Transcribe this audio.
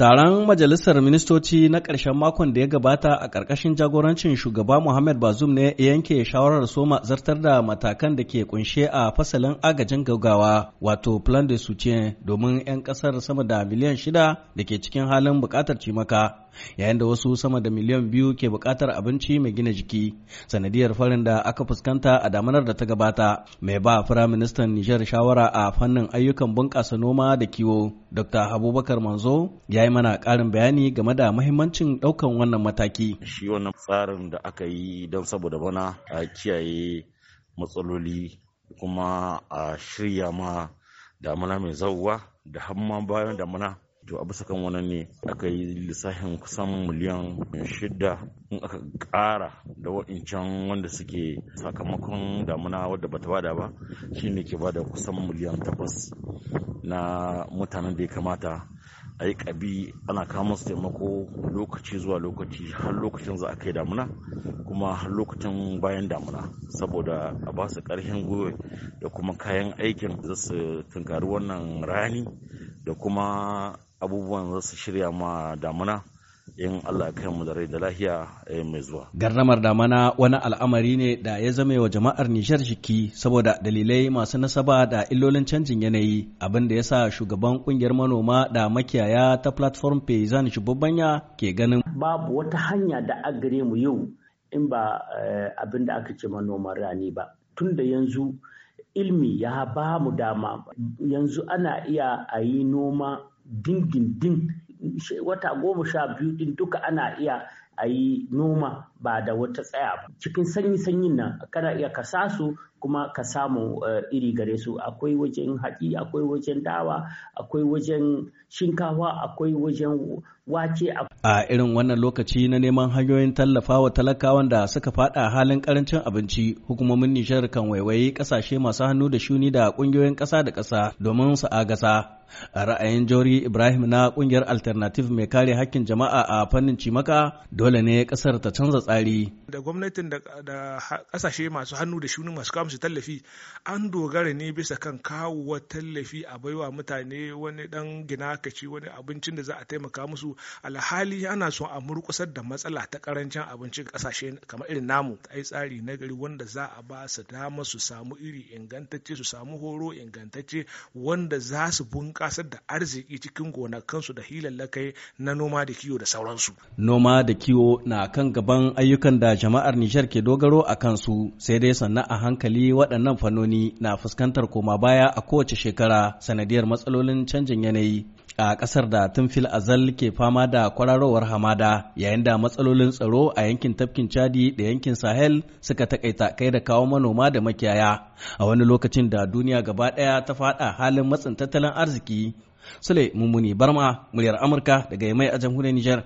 Taron Majalisar Ministoci na ƙarshen makon da ya gabata a ƙarƙashin jagorancin shugaba Muhammad Bazoum ne yanke shawarar soma zartar da matakan da ke kunshe a fasalin agajin gaggawa wato plan de soutien domin 'yan ƙasar sama da miliyan shida da ke cikin halin buƙatar cimaka yayin da wasu sama da miliyan biyu ke buƙatar abinci mai gina jiki sanadiyar farin da aka fuskanta a damanar da ta gabata mai ba Ministan Nijar shawara a fannin ayyukan bunƙasa noma da kiwo Dr. Abubakar Manzo ya yi mana ƙarin bayani game da mahimmancin ɗaukan wannan mataki. Shi wannan tsarin da aka yi don saboda mana a kiyaye matsaloli kuma a shirya ma damuna mai zauwa da hamma bayan damuna to a bisa kan wannan ne aka yi lissafin kusan miliyan shida in aka ƙara da wa'incan wanda suke sakamakon damuna wadda bata bada ba shine ke bada kusan miliyan takwas na mutanen da ya kamata a yi ƙabi ana kawo musu taimako lokaci zuwa lokaci har lokacin za a kai damuna kuma har lokacin bayan damuna saboda a ba su ƙarfin gwiwa da kuma kayan aikin za su tunkari wannan rani da kuma abubuwan za su shirya ma damuna in Allah ya mu da rai da lahiya eh, mai zuwa. Garnamar mana wani al'amari ne da ya zame wa jama'ar Nijar jiki saboda dalilai masu nasaba da illolin canjin yanayi abin da ya sa shugaban kungiyar manoma da makiyaya ta platform Paysan Shubabanya ke ganin. Babu wata hanya da a mu yau in ba eh, abin da aka ce manoman rani ba. Tun da yanzu ilmi ya ba mu dama yanzu ana iya a yi noma dindindin wata goma sha biyu din duka ana iya a yi noma ba da wata tsaya ba cikin sanyi sanyin nan kana iya kasa su kuma ka samu eh, iri gare su akwai wajen haƙi akwai wajen dawa akwai wajen shinkawa akwai wajen wake a irin wannan lokaci na neman hanyoyin tallafa wa talakawan da suka fada halin karancin abinci hukumomin nishar kan waiwayi kasashe masu hannu da shuni da ƙungiyoyin ƙasa da ƙasa domin su agasa a ra'ayin jori ibrahim na kungiyar alternative mai kare hakkin jama'a a fannin cimaka dole ne kasar ta canza tsari da gwamnatin da kasashe masu hannu da shuni masu kawo tallafi an dogara ne bisa kan kawo tallafi a baiwa mutane wani dan gina kaci wani abincin da za a taimaka musu alhali ana so a murkusar da matsala ta karancin abincin kasashe kamar irin namu ai tsari na gari wanda za a ba su dama su samu iri ingantacce su samu horo ingantacce wanda za su bunƙasa bunƙasar da arziki cikin gonakansu da hilallakai na noma da kiwo da sauransu. Noma da kiwo na kan gaban ayyukan da jama'ar Nijar ke dogaro a kansu sai dai sannan a hankali waɗannan fannoni na fuskantar koma baya a kowace shekara sanadiyar matsalolin canjin yanayi a kasar da tun fil azal ke fama da kwararowar hamada yayin da matsalolin tsaro a yankin tafkin chadi da yankin sahel suka takaita kai da kawo manoma da makiyaya a wani lokacin da duniya gaba ɗaya ta faɗa halin matsin tattalin arziki sule mummuni barma muryar amurka daga yamai a jamhuriyar niger